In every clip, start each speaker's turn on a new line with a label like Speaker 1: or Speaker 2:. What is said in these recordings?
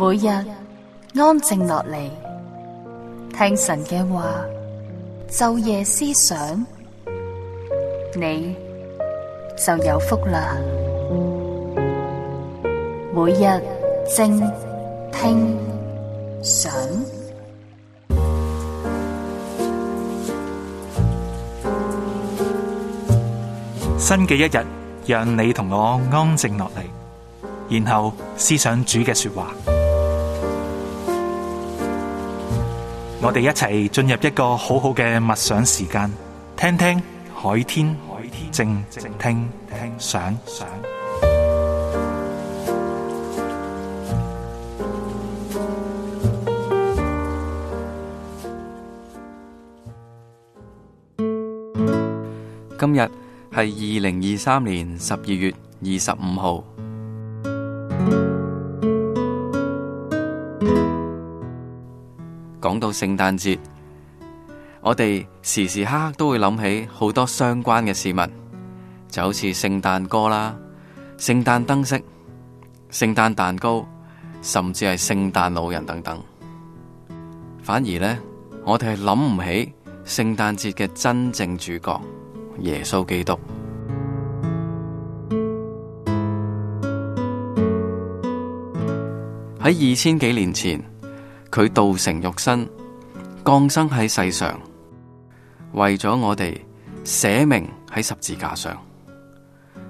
Speaker 1: 每日安靜落嚟，聽神嘅話，晝夜思想，你就有福啦。每日靜聽想，新嘅一日，讓你同我安靜落嚟，然後思想主嘅說話。我哋一齊進入一個好好嘅默想時間，聽聽海天靜聽想。今日係二零二三年十二月二十五號。講到聖誕節，我哋時時刻刻都會諗起好多相關嘅事物，就好似聖誕歌啦、聖誕燈飾、聖誕蛋糕，甚至係聖誕老人等等。反而呢，我哋係諗唔起聖誕節嘅真正主角，耶穌基督。喺二千幾年前。佢道成肉身，降生喺世上，為咗我哋寫明喺十字架上，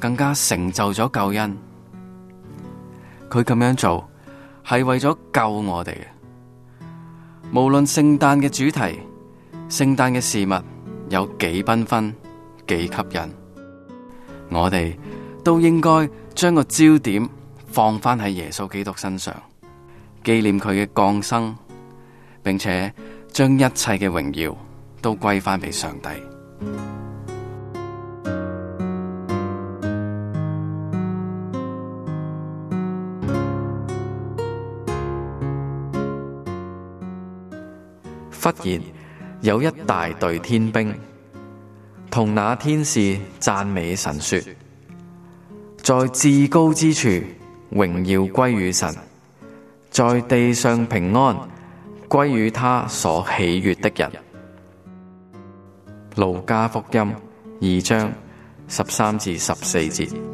Speaker 1: 更加成就咗救恩。佢咁樣做係為咗救我哋。無論聖誕嘅主題、聖誕嘅事物有幾繽紛、幾吸引，我哋都應該將個焦點放翻喺耶穌基督身上。紀念佢嘅降生，並且將一切嘅榮耀都歸返畀上帝。忽然有一大隊天兵同那天使讚美神說：在至高之處，榮耀歸於神。在地上平安，歸於他所喜悅的人。路加福音二章十三至十四節。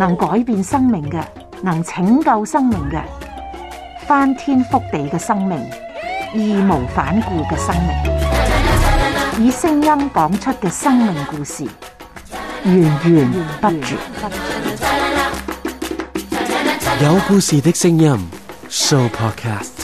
Speaker 1: 能改變生命嘅，能拯救生命嘅，翻天覆地嘅生命，義無反顧嘅生命，以聲音講出嘅生命故事，源源不絕。有故事的聲音，Sooo Podcast。